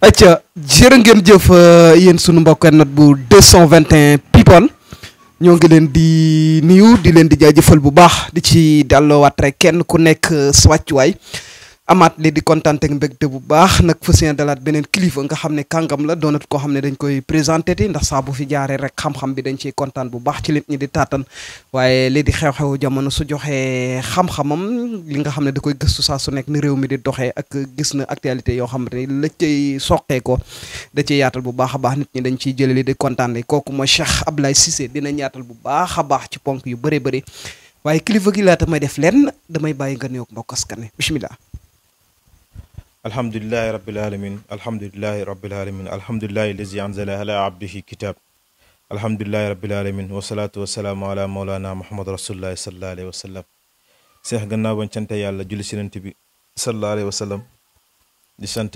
acca jërë ngeen jëf euh, yéen sunu mbokk nat bu 221 people ñoo ngi leen di nuyu di leen di jaajëfal bu baax di ci delloowaat rek kenn ku nekk euh, sa wàccuwaay amaat li di kontaan ak mbégte bu baax nag fa seen dalaat beneen kilifa nga xam ne kàngam la doonat koo xam ne dañ koy présenté ti ndax saa bu fi jaaree rek bi dañ ciy kontaan bu baax ci nit ñi di taatan waaye li di xew jamono su joxee xam-xamam nga xam ne da koy gëstu saa su nekk ni réew mi di doxee ak gis na actualité yoo xam ne la cay soqee ko da ciy yaatal bu baax a baax nit ñi dañ ciy jëlee li di kontaan kooku mooy Cheikh Ablaye Cissé dinañ yaatal bu baax a baax ci ponk yu bëree bëri waaye kilifa gi laata may def lenn damay bàyyi nga nuyoog mbokk askan wi bismillah alhamdulilahi rabbil alamin alhamdulilahi rabbil alamin alhamdulilahi lazi anzala ala abdihi kitab alhamdulilahi rabbil alamin wasalaatu wasalaamu ala maulana muhammad rasulillahi sallallahu alayhi wa sallam seex gannaaw bañ sant yàlla julli sinant bi sallallahu di sant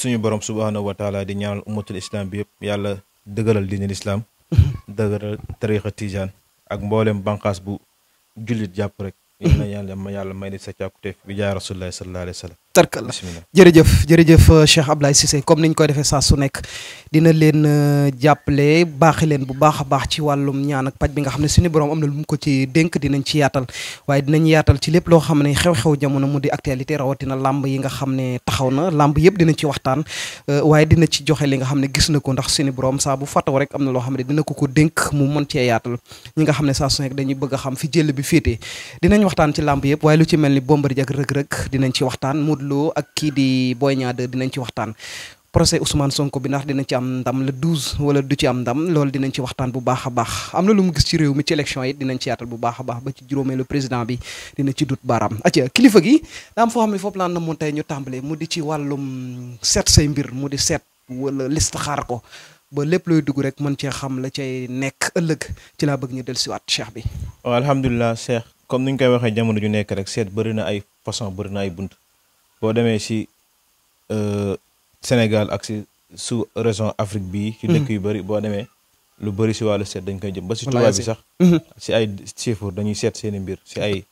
suñu borom subhaanahu wa taala di ñaanal ummatul islam bi yëpp yàlla dëgëral diine lislaam tarixa tijaan ak mboolem banqaas bu jullit jàpp rek yal na yàlla ma yàlla may di sa bi jaay rasulillahi sallallahu alayhi tarkal jërëjëf jërëjëf euh, Cheikh Ablaye Cissé comme ni ñu koy defee saa su nekk dina leen euh, jàppale baaxe leen bu baax a baax ci wàllum ñaan ak paj bi nga xam ne suñu borom am na lu mu ko ci dénk dinañ ci yaatal waaye dinañ yaatal ci lépp loo xam ne xew-xew jamono mu di actualité rawatina làmb yi nga xam ne taxaw na làmb yëpp dina ci waxtaan euh, waaye dina ci joxe li nga xam ne gis na ko ndax ni borom saa bu fàttaw rek am na loo xam ne dina ko ko dénk mu mën cee yaatal ñi nga xam ne saa su nekk dañuy bëgg xam fi jël bi féetee dinañ waxtaan ci làmb yëpp waaye lu ci mel ni Bombardier ak Reug Reug dinañ ci waxtaan loo ak kii di Boy Niang dinañ ci waxtaan procès Ousmane Sonko bi ndax dina ci am ndam la 12 wala du ci am ndam loolu dinañ ci waxtaan bu baax a baax am na lu mu gis ci réew mi ci élection yi dinañ ci yaatal bu baax a baax ba ci juróomeelu président bi dina ci dut baaraam. acca kilifa gi daa foo xam ne foofu laan na moon tey ñu tàmbalee mu di ci wàllum seet say mbir mu di seet wala xaar ko ba lépp looy dugg rek mën cee xam la cay nekk ëllëg ci laa bëgg ñu dellusiwaat cheikh bi. waaw alhamdulilah cheikh comme ni ñu koy waxee jamono ju nekk rek seet bëri na ay façon bëri na ay bunt. boo demee ci euh, Sénégal ak ci sous région Afrique bii. ci dëkk yu mm-hmm. bëri boo demee lu bëri ci wàllu seet dañ koy jëm. ba ci tubaab bi sax. Mm-hmm. ci ay chiffres dañuy seet seeni mbir si ay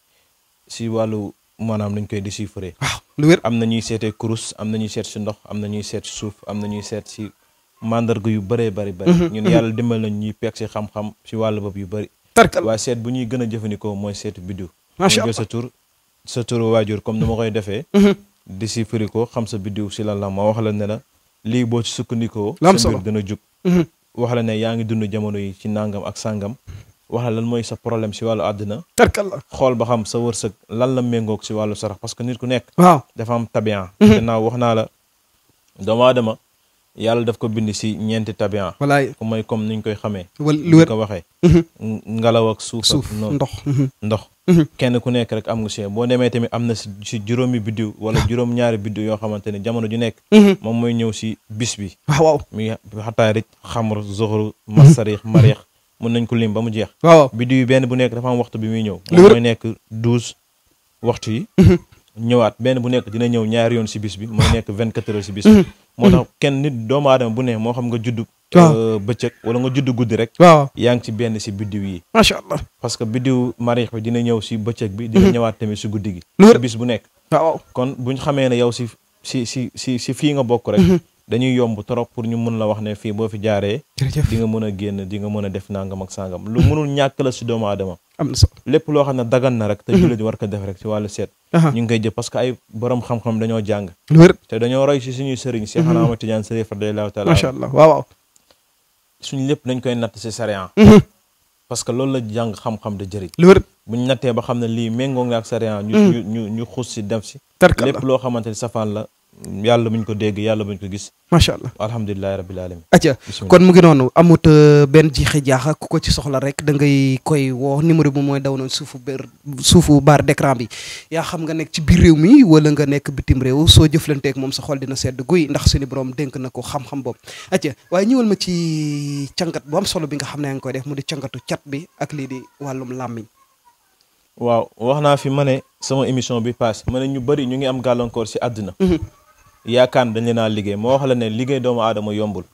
si wàllu maanaam dañ koy déchiffrer. waaw lu wér am na ñuy seetee kurus am na ñuy seet ci ndox am na ñuy seet suuf am na ñuy seet ci mandarga yu bëree bari bëri. Mm-hmm. ñun yàlla dimbal nañ ñuy peeg ci xam-xam ci wàllu bopp yu bari tarkal waaye seet bu ñuy gën a jëfandikoo mooy seetu biddiw. macha allah sa tur sa turu comme ni ma koy defee. déchiffrer ko xam sa biddiw si lan la ma wax la ne la lii boo sukkandikoo sa mbir dina jug mhm. wax la ne yaa ngi dund jamono yi ci nangam ak sàngam wax la lan mooy sa problème si wàllu àddina tarkalla xool ba xam sa wërsëg lan la méngoog si wàllu sarax parce que nit ku nekk dafa am tabian mhm. gannaaw wax naa la doomu aadama yàlla daf ko bind si ñeenti tabian walaay mooy comme ni ñu koy xamee lu wér ko waxee mhm. ngelaw ak suuf ak ndox mhm. ndox mhm. kenn ku nekk rek am nga si boo demee tamit am na si si juróomi biddiw wala juróom-ñaari biddiw yoo xamante ne jamono ju nekk moom mooy ñëw si bis bi waaw waaw mi xataa rij xamr zoxru masarix mën nañ ko lim ba mu jeex waaw biddiw yi benn bu nekk dafa waxtu bi muy ñëw moom nekk douze waxtu yi ñëwaat benn bu nekk dina ñëw ñaari yoon si bis bi mooy nekk vingt quatre heures si bis bi moo tax kenn nit doomu aadama bu ne moo xam nga judd euh, bëccëg wala nga judd guddi rek waaw yaa ngi ci benn si biddiw yi macha allah parce que biddiw mariix bi dina ñëw si bëccëg bi dina mhm. ñëwaat tamit si guddi gi bis bu nekk waaw kon bu buñ xamee ne yow si si si si si fii nga bokk rek mhm. dañuy yomb trop pour ñu mën la wax ne fii boo fi jaaree. di nga mën a génn di nga mën a def nangam ak sangam. lu mënul ñàkk la si doomu adama am lépp loo xam ne dagan na rek. te jullit mhm. war ko def rek si wàll seet. ñu ngi koy jëf parce que ay borom xam-xam dañoo jàng. wér te dañoo roy si suñuy sëriñ. Cheikh Ahmad Tidiane Sërif radiyallahu taala. macha allah waaw waaw. lépp dañ koy natt si sariya. Mhm. parce que loolu la jàng xam-xam da jëriñ. lu wér buñ nattee ba xam ne lii méngoo nga ak sariya. Mhm. ñu ñu ñu xuus si si. tarkalla lépp loo xamante ni safaan la yàlla buñ ko dégg yàlla buñ ko gis. macha allah alhamdulilah rabbil alamin acca kon mu ngi noonu amut euh, benn jiixi jaaxa ko ci soxla rek da ngay koy woo numéro bi mooy daw na suufu ber suufu barre d'écran bi yaa xam nga nekk ci biir réew mi wala nga nekk bitim réew soo jëflanteek moom sa xol dina sedd guy ndax suñu borom denk na ko xam-xam boobu acca waaye ñëwal ma ci cangat bu solo bi nga xam ne yaa ngi koy def mu di càngatu cat bi ak lii di wàllum làmmiñ waaw wax naa fi ma ne sama émission bi paase ma ne ñu bëri ñu ngi am gàllankoor si àddina mhm. yaakaar ne dañ leen a liggéey moo wax la ne liggéey doomu aadama yombul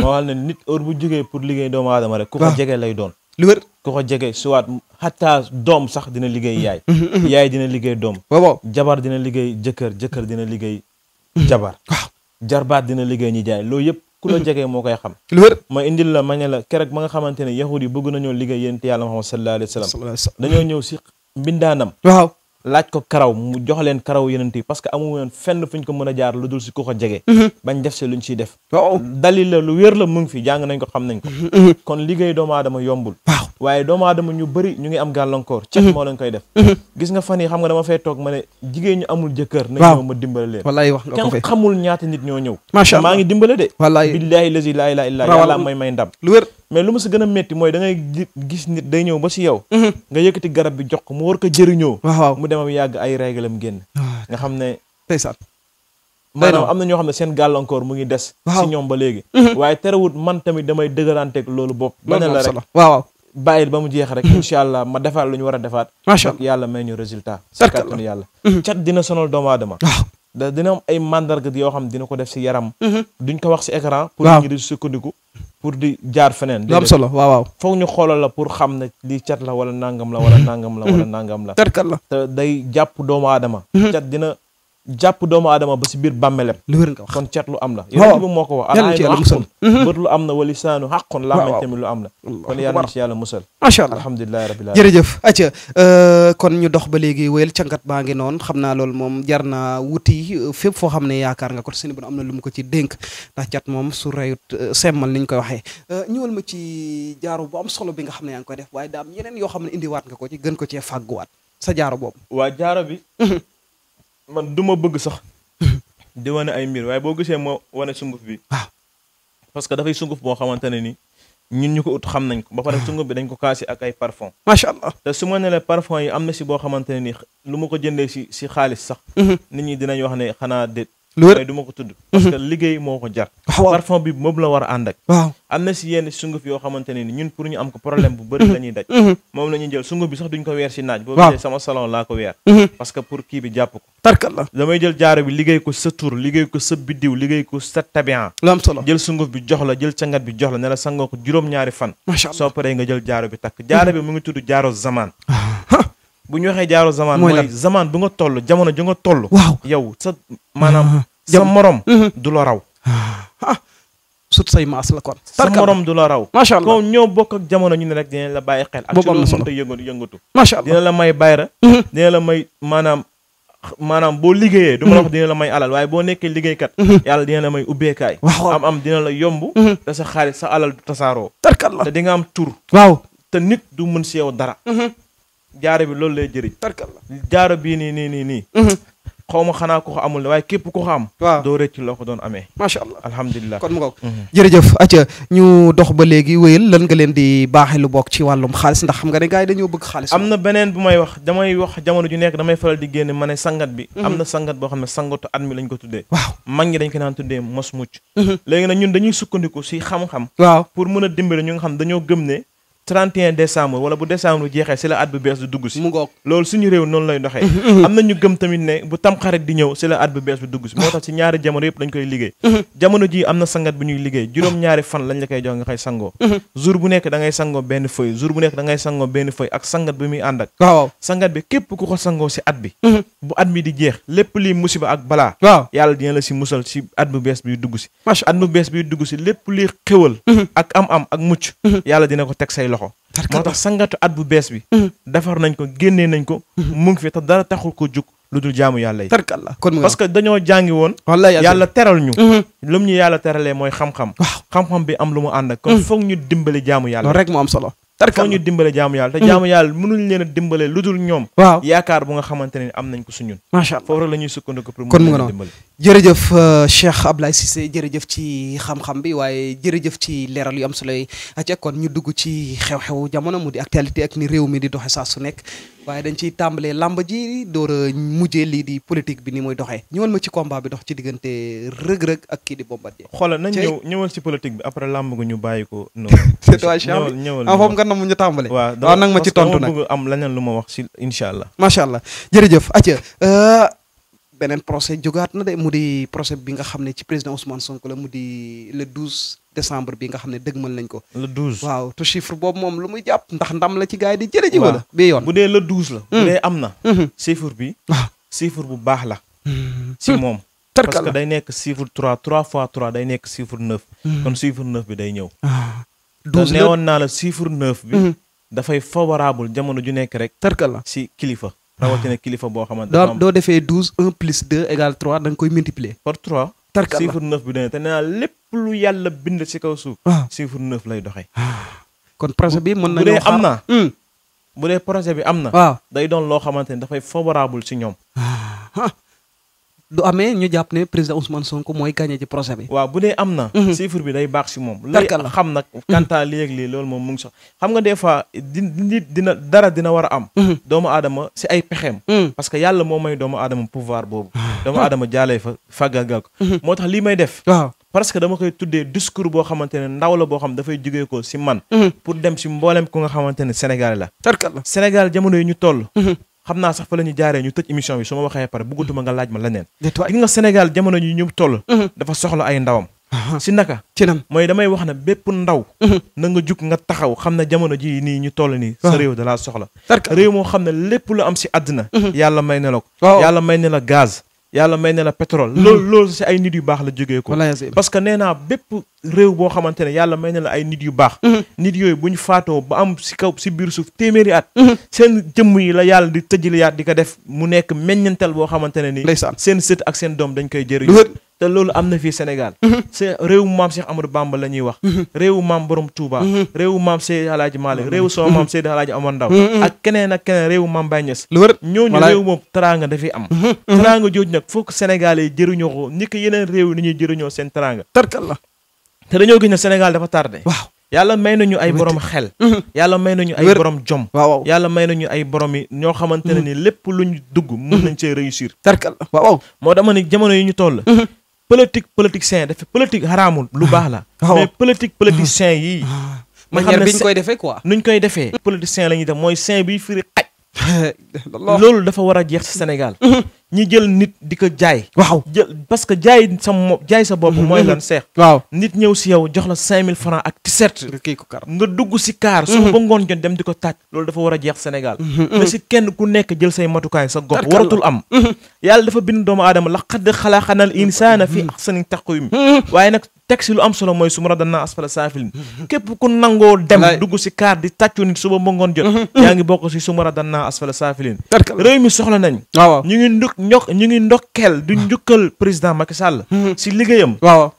moo wax la ne nit heure bu jógee pour liggéey doomu aadama rek ku ko jege lay doon lu wér ku ko jege soit xataa doom sax dina liggéey yaay mm-hmm, mm-hmm. yaay dina liggéey doom waaw jabar dina liggéey jëkkër jëkkër dina liggéey jabar waaw jarbaat dina liggéey ñi jaay loolu yëpp ku la mm-hmm. jege moo koy xam lu wér ma indi la ma ne la ma nga xamante ne yahud yi bëgg nañoo liggéey yéen te yàlla Muhammad sallallahu alayhi wa dañoo ñëw si mbindaanam laaj ko karaw mu jox leen karaw yeneen yi parce que amu fenn fu fuñ ko mën a jaar lu dul si ku ko jege mhm. bañ def si luñ siy def waaw dalil la lu wér la mu ngi fi jàng nañ ko xam nañ ko mhm, mhm. kon liggéey doomu aadama yombul waaw waaye doomu aadama ñu bëri ñu ngi am gàllankoor cet moo leen koy def gis nga fan yi xam nga dama fee toog ma ne jigéen ñu amul jëkkër na ma dimbale leen wax nga kenn xamul ñaata nit ñoo ñëw maa ngi dimbale de wallaay billaahi lazi laa ilaaha illaa yàlla may may ndam lu wér mais lu ma si gën a métti mooy dangay gis nit day ñëw ba si yow mhm. nga yëkkati garab bi jox ko mu war ko jëriñoo waaw mu demam yàgg ay réglam génn ah. nga xam ne ndeysaan maanaam am na ñoo xam ne seen gàllankoor mu ngi des si ñoom ba léegi mhm. waaye terewut man tamit damay dëgëranteeg loolu bopp ba ne la rek waaw bàyyil ba mu jeex rek mhm. incha allah ma defaat lu ñu war a defaat macha yàlla may ñu résultat si kàttanu yàlla cat dina sonal doomu aadama waaw da dina am ay mandarga yoo xam dina ko def si yaram ko wax si écran pour pour di jaar feneen. lu am solo waaw waaw. foog ñu xoolal la pour xam ne lii cat la wala nangam la wala nangam la. wala nangam la. cat kat la day jàpp doomu aadama. Mhm. cat dina. jàpp doomu aadama ba si biir bàmmelem lu wér nga wax kon cet lu am la yonent bi moo mhm. am na wala lisaanu xaqun làmmiñ tamit lu am la kon yàlla na ci yàlla musal acca euh, kon ñu dox ba léegi wéyal cangat baa ngi noonu xam naa loolu moom jar naa wuti euh, fépp foo xam ne yaakaar nga ko seen bu am na lu mu ko ci dénk ndax cat moom su reyut euh, semmal ni ñu koy waxee ñëwal ma ci jaaro bu am solo bi nga xam ne yaa ngi koy def waaye daam yeneen yoo xam ne indiwaat nga ko ci gën ko cee fàgguwaat sa waat sa waa jaaro man du ma bëgg sax di wane ay mbir waaye boo gisee moo wane sunguf bi waaw parce que dafay sunguf boo xamante ne ni ñun ñu ko ut xam nañ ko ba pare ah. sunguf bi dañ ko kaasi ak ay parfum macha allah te su ma ne la yi am na si boo xamante ne ni lu ma ko jëndee si si xaalis sax mhm. nit ñi dinañ wax ne xanaa déet lu wér du ma ko tudd parce que liggéey moo ko ne ni ñun pour ñu am ko problème la ñuy daj mhm. moom la ko weer si naaj boobu sama salon laa ko weer mhm. parce que pour kii bi jàpp ko tarkalla damay jël jaaro bi liggéey ko sa tur liggéey ko sa biddiw liggéey ko sa tabian lu am solo jël sunguf bi jox la jël cangat bi jox la ne la sangoo ko juróom-ñaari fan soo paree nga jël jaaro bi takk jaaro bi mu ngi tudd jaaro zamaan ah. bu nga toll jamono ju nga toll waaw yow sa maanaam ah. sa morom mhm. du la raw ah, ah. sut say maas la kon sa morom du la raw macha allah kon ñoo bokk ak jamono ñu ne rek dina la bàyyi xel ak ci loolu mënta yëngatu yëngatu macha allah dina la may bayra mhm. dina la may maanaam maanaam boo liggéeyee du ma la mhm. dina la may alal waaye boo nekkee liggéeykat yàlla dina la may ubbeekaay am am dina la yomb te sa xaalis sa alal du tasaaroo tarkal la di nga am tur waaw te nit du mën si yow dara jaaro bi loolu lay jëriñ tarkal la jaaro bii nii nii nii nii xaw ma xanaa ko amul waaye képp ko xam. waaw doo rëcc loo ko doon amee. macha allah alhamdulilah kon mu ngoog. Mhm. jërëjëf acca ñu dox ba léegi wéyal lan nga leen di baaxee lu bokk ci wàllum xaalis ndax xam nga ne gars yi dañoo bëgg xaalis. am na beneen bu may wax damay wax jamono ju nekk damay faral di génne ma ne sangat bi. Mhm. am na sangat boo xam ne sangatu at mi lañ ko tuddee. waaw mag ñi dañ ko naan tuddee mos mucc. Mhm. léegi nag ñun dañuy sukkandiku si xam-xam. waaw pour mën a dimbali ñu nga xam dañoo gëm ne 31 décembre wala bu décembre jeexee si la at bu bees du dugg si. mu ngoog loolu suñu réew noonu lay doxee. am na ñu gëm tamit ne bu tamxarit di ñëw si la at bu bees bi dugg si la koy jox nga koy sangoo. jour bu nekk da ngay sangoo benn feuille jour bu nekk da ngay sangoo benn feuille musiba ak balaa. waaw yàlla dina la si musal si at bu bees bi dugg si. at bu bees bi dugg si lépp lii xéwal. ak am-am ak mucc yàlla dina ko teg say loxo loxo moo tax sangatu at bu bees bi mm-hmm. defar nañ ko génnee nañ ko mm-hmm. mu ngi fi te dara taxul ko jug lu dul jaamu yàlla yi tarkalla kon parce que dañoo jàngi woon yàlla teral ñu mm-hmm. lu mu ñu yàlla teralee mooy xam-xam xam-xam bi am lu mu ànd ak kon foog ñu dimbali jaamu yàlla rek mu am solo foog ñu dimbale jaamu yàlla te jaamu yàlla mënuñ leen a dimbale lu dul ñoom yaakaar bu nga xamante ne am nañ ko suñun macha allah foofu rek la ñuy sukkandiku pour mu dimbale jërëjëf euh, Cheikh Ablaye Cissé jërëjëf ci xam-xam bi waaye jërëjëf ci leeral yu am solo yi ci kon ñu dugg ci xew-xew jamono mu di actualité ak ni réew mi di doxee saa su nekk waaye dañ ciy tàmbalee làmb ji door mujjee lii di politique bi ni muy doxee ñëwal ma ci combat bi dox ci diggante rëg-rëg ak kii di Bombardier. xoolal nañ ñëw ñëwal ci politique bi après làmb gu ñu bàyyi ko. noonu ñëwal ñëwal ah foofu nga na mu ñu tàmbalee. waaw waaw nag ma ci tontu nag am leneen lu ma wax si incha allah. allah jërëjëf euh, beneen procès jógaat na de mu di procès bi nga xam ne ci président Ousmane Sonko la mu di le 12 décembre bi nga xam ne dëgmal nañ ko. le 12 waaw te chiffre boobu moom lu muy jàpp ndax ndam la ci gars yi di jëlee ji. wala bi yoon bu dee le 12 la. bu hmm. dee am na. Hmm. chiffre bi. waaw ah. chiffre bu baax la. si hmm. moom. parce que day nekk chiffre 3 3 fois 3 day nekk chiffre 9. kon chiffre 9 bi day ñëw. 12 ah. la neewoon naa la chiffre 9 bi. dafay favorable jamono ju nekk rek. la si kilifa. rawatina kilifa boo xamante ne. doo doo defee douze un plus deux égale trois da koy multiplier. par trois. tarkalla chiffre neuf bi dañuy te nee lépp lu yàlla bind ci kaw suuf. waaw ah. chiffre neuf lay doxee. Ah. kon projet bi mën nañoo xaar bu dee am na. Hmm. bu dee projet bi am na. waaw day doon loo xamante ne dafay favorable ci ñoom. Ah. du amee ñu jàpp ne président Ousmane Sonko mooy gagné ci procès bi. waaw bu dee am na. Mhm. chiffre bi day baax si moom. lay xam nag. Mhm. quant à léeg lii loolu moom mu ngi sax xam nga des fois di nit dina dara dina war a am. Mhm. doomu aadama si ay pexeem. parce que yàlla moo may doomu aadama pouvoir boobu. doomu aadama jaalee fa fàggagal ko. moo tax lii may def. parce que dama koy tuddee discours boo xamante ne ndaw la boo xam dafay jógee ko si man. pour dem si mbooleem ku nga xamante ne Sénégal la. Sénégal jamono yi ñu toll. xam naa sax fa la ñu jaaree ñu tëj émission bi su ma waxee pare bëggatuma nga laaj ma leneen gi nga Sénégal jamono ñu ñu toll mhm. dafa soxla ay ndawam si naka ci mooy damay wax ne bépp ndaw mhm. na nga jug nga taxaw xam ne jamono ji nii ñu toll nii sa réew da laa soxla réew moo xam ne lépp lu am si àddina mhm. yàlla may ne la ko yàlla may ne la gaz yàlla may na la pétrole. Hmm. loolu loolu si ay nit yu baax la jógee ko. parce que nee naa bépp réew boo xamante ne yàlla may na la ay nit yu baax. Hmm. nit yooyu bu ñu faatoo ba am si kaw si biir suuf téeméeri at. Hmm. seen jëmm yi la yàlla di tëjëliyaat di ko def mu nekk meññantal boo xamante ne ni. seen set ak seen doom dañ koy jëriñu. te loolu am na fii Sénégal. c'est mhm. réewu maam Cheikh Amadou Bamba la ñuy wax. Mhm. réewu maam borom Touba. Mhm. réewu maam Seydi Alaaji Malick réewu sama maam Seydi Alaaji Amar Ndaw ak keneen ak keneen réewu maam Baye Niass. lu wër ñooñu réew moom teraanga dafay am. teraanga jooju nag foog Sénégalais yi jëriñoo ko ni ko yeneen réew yi ñuy jëriñoo seen teraanga. tarkal la te dañoo gis ne Sénégal dafa tardé. waaw yàlla may nañu ay borom xel. yàlla may nañu ay borom jom. waaw yàlla may nañu ay borom yi ñoo xamante ne ni lépp luñ dugg. mun nañ cee réussir. tarkal la waaw jamono yi ñu toll politique politicien dafa politique xaraamul lu baax la. Ah, mais politique politicien yii. Ah. ma xam ne bi ñu koy defee quoi. nuñ koy defee. politicien la ñuy def mooy saint bi firi xaj. loolu dafa war a jeex ci Sénégal. ñi jël nit di ko jaay. waaw jël parce que jaay sa mo jaay sa bopp. Mhm, mooy mhm. lan seex. waaw nit ñëw si yow jox la mille francs ak t-shirt. nga dugg si kaar. Mhm. su ba ngoon jot dem di ko taaj. loolu dafa war a jeex Sénégal. mais si kenn ku nekk jël say matukaay sa gox. waratul am. yàlla dafa bind doomu aadama laqad xalaqnal insaana fi ahsani taqwiim waaye nag teg si lu am solo mooy su ma radana asfala saafilin képp ku nangoo dem dugg si kaar di tàccu nit suba ba ngoon jot mhm. yaa ngi bokk si su ma radana asfala saafilin réew mi soxla nañ waaw ñu ngi nduk ndok ñu ngi ndokkeel du mhm. njukkal président Macky Sall mhm. si liggéeyam waaw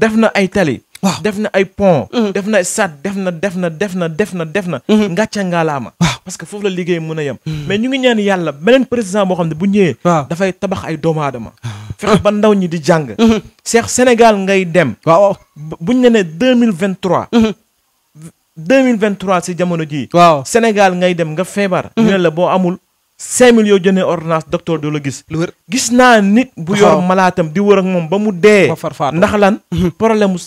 def na ay tali waaw def na ay pont def na sat def na def na def na def na def na ngàcca ngaalaama parce que foofu la liggéey mën a yem mais ñu ngi ñaan yàlla beneen président moo xam ne bu ñëwee dafay tabax ay doomu aadama fexe ba ndaw ñi di jàng. Cheikh Sénégal ngay dem. waaw buñ ne ne deux mille vingt trois. deux mille vingt trois si jamono jii. waaw Sénégal ngay dem nga feebar. ñu ne la boo amul cinq mille yoo jëndee ordonnance docteur du la gis. gis naa nit bu yor malaatam di wër ak moom ba mu dee. ndax lan problème mu.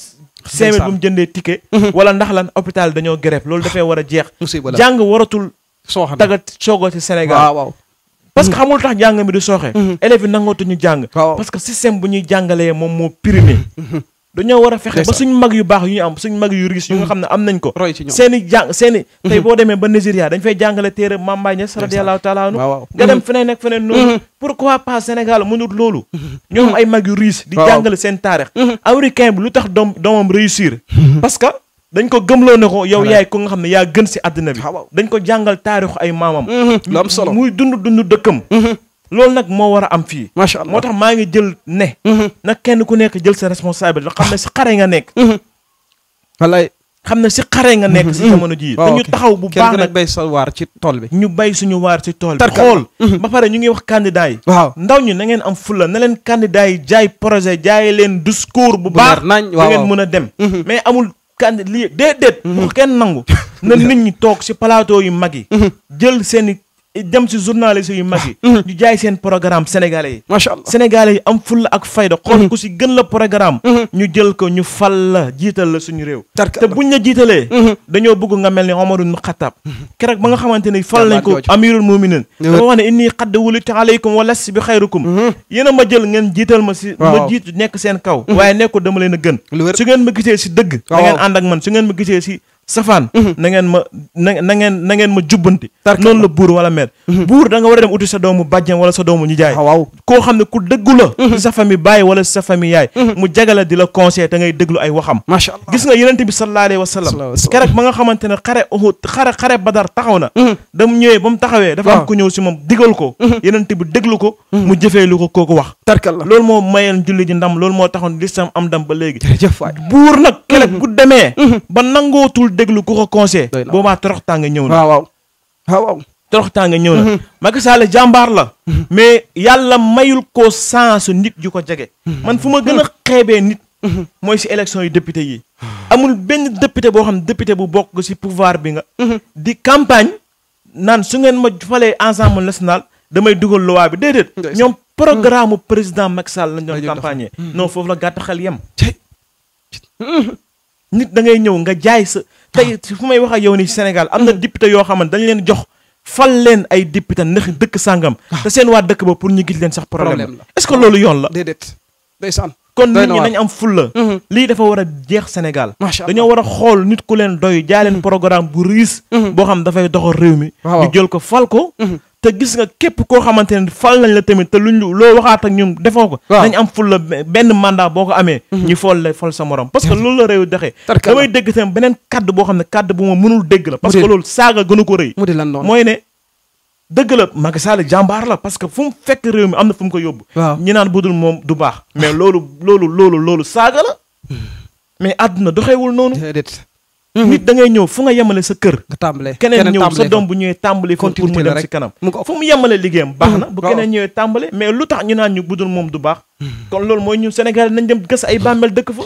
cinq mille bu mu jëndee ticket. wala ndax lan hôpital dañoo grève loolu dafay war a jeex. jàng waratul. sooxna tagat soogoo ci Sénégal waaw parce que xamul tax jàng mi du sooxe mm-hmm. élèves yi ñu jàng parce que système bu ñuy jàngalee moom moo primé mm-hmm. dañoo war a fexe ba suñ mag yu baax yu ñu am suñ mag yu riche yu nga mm-hmm. xam ne am nañ ko seen i jàng seen i tey boo demee ba Nigeria dañ fay jàngale téere Mame Mbaye Niass radiyallahu taala anu nga dem feneen ak feneen noonu pourquoi pas Sénégal mënut loolu ñoo am ay mag yu riche di jàngale seen taarix américain bi lu tax doom doomam réussir parce que dañ ko gëmloo ne ko yow yaay ko nga xam ne yaa gën si àddina bi dañ ko jàngal taarixu ay maamam mhm. lu am solo muy dund dund dëkkam mhm. loolu nag moo war a am fii macha allah moo tax maa ngi jël ne mhm. na kenn ku nekk jël sa responsabilité xam ne si xare nga nekk wallaay xam ne si xare nga nekk si jamono jii dañu taxaw bu baax nag bay sa ci tool bi ñu bay suñu waar ci tool bi xool ba pare ñu ngi wax candidat yi waaw ndaw ñi na ngeen am fulla na leen candidat yi jaay projet jaay leen discours bu baax bu mën a dem mais amul kandi lii déedéet. wax mm-hmm. kenn nangu. na nit ñi toog si plateau yu mag yi. Mm-hmm. jël seen i dem si journaliste yu mag yi. Ah, mm-hmm. ñu jaay seen programme sénégalais yi. macha yi am fulla ak fayda. Mm-hmm. xool ku si gën la programme. Mm-hmm. ñu jël ko ñu fal la jiital la suñu réew. te buñ la jiitalee. dañoo bëgg nga mel ni Omar ibn Khattab. keroog ba nga xamante ni fal nañ ko amirul muminin. dafa wax ne inni qad wulitu alaykum wa lastu bi xayrikum. yéen a ma jël ngeen jiital ma si. ma jiitu nekk seen kaw. waaye nekkul dama leen a gën. su ngeen ma gisee si dëgg. safaan mhm. na ngeen ma na na ngeen na ngeen ma jubbanti noonu la buur wala meer mhm. buur da nga war a dem uti sa doomu bàjjen wala sa doomu ñu ah, koo xam ne ku dëggu la si mhm. sa famille bàyyi wala si sa famille yaay mu jagala di la conseiller te ngay déglu ay waxam macha allah gis nga yenente bi sallallahu alayhi wa sallam keroog ba nga xamante ne xare Uhud xare xare Badar taxaw na dam ñëwee ba mu taxawee dafa am ku ñëw si moom digal ko yenente bi déglu ko mu jëfee lu ko kooku wax tarkal la loolu moo mayeen julli ji ndam loolu moo taxoon lislam am ndam ba léegi buur nag keroog ku demee ba nangootul déglu ku ko conseil boobaa torox tànga ñëw na waaw waaw torox tànga ñëw na mm-hmm. Macky Sall jàmbaar la mm-hmm. mais yàlla mayul ko sens nit ju ko jege mm-hmm. man fu ma gën a xeebee nit mooy si élection yu député yi amul benn député boo xam député bu bokk si pouvoir bi nga di campagne naan su ngeen ma falee ensemble national damay dugal loi bi déedéet ñoom programme mu président Macky Sall lañ doon campagne non foofu la gàttaxal yem nit da ñëw nga jaay sa tey fu may wax ak yow ni Sénégal am na mm. député yoo xam ne dañ leen jox fal leen ay député ndax dëkk sàngam ah. te seen waa dëkk ba pour ñu gis leen sax problème la est-ce que loolu yoon la déedéet kon nit ñi nañ am fulla mm-hmm. lii dafa war a jeex Sénégal dañoo war a xool nit ku leen doy jaa leen mm-hmm. programme bu riis mm-hmm. boo xam dafay doxal réew mi ñu jël ko fal ko te gis nga képp koo xamante ne fal nañ la tamit te luñ loo waxaat ak ñun defoo ko. dañ am ful la benn mandat boo ko amee. Mhm. ñu fol la fol sa morom. parce que mhm. loolu la réew doxee. damay dégg tamit beneen kaddu boo xam ne kaddu bu ma mënul dégg la. parce que loolu saaga gënu ko rëy. mooy ne dëgg la Macky Sall jàmbaar la parce que fu fekk réew mi am na fu mu ko yóbbu. ñi naan budul moom du baax. mais loolu loolu loolu loolu saaga la. Hmm. mais àdduna doxewul noonu. Mhm. nit da ngay ñëw fu nga yemale sa kër nga tàmbalee keneen ñëw sa doom bu ñëwee tàmbale ko pour mu dem si kanam fu mu yemale liggéeyam baax mhm. na bu keneen ñëwee tàmbale mais lu tax ñu naan ñu budul moom du baax mhm. kon loolu mooy ñun Sénégal nañ dem gës ay bàmmeel dëkk fa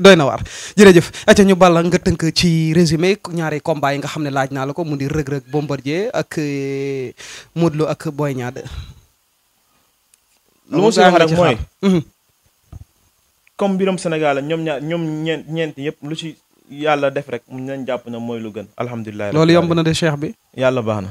doy na waar jërëjëf acca ñu balla nga tënk ci résumé ñaari combat nga xam laaj naa la ko mu di rëg-rëg bombardier ak e, Modou ak Boy Niang la ñoom ñaar ñoom ñeent ñeent yëpp lu ci yàlla def rek mu nañ jàpp na mooy lu gën alhamdulilah loolu yomb na de cheikh bi yàlla baax na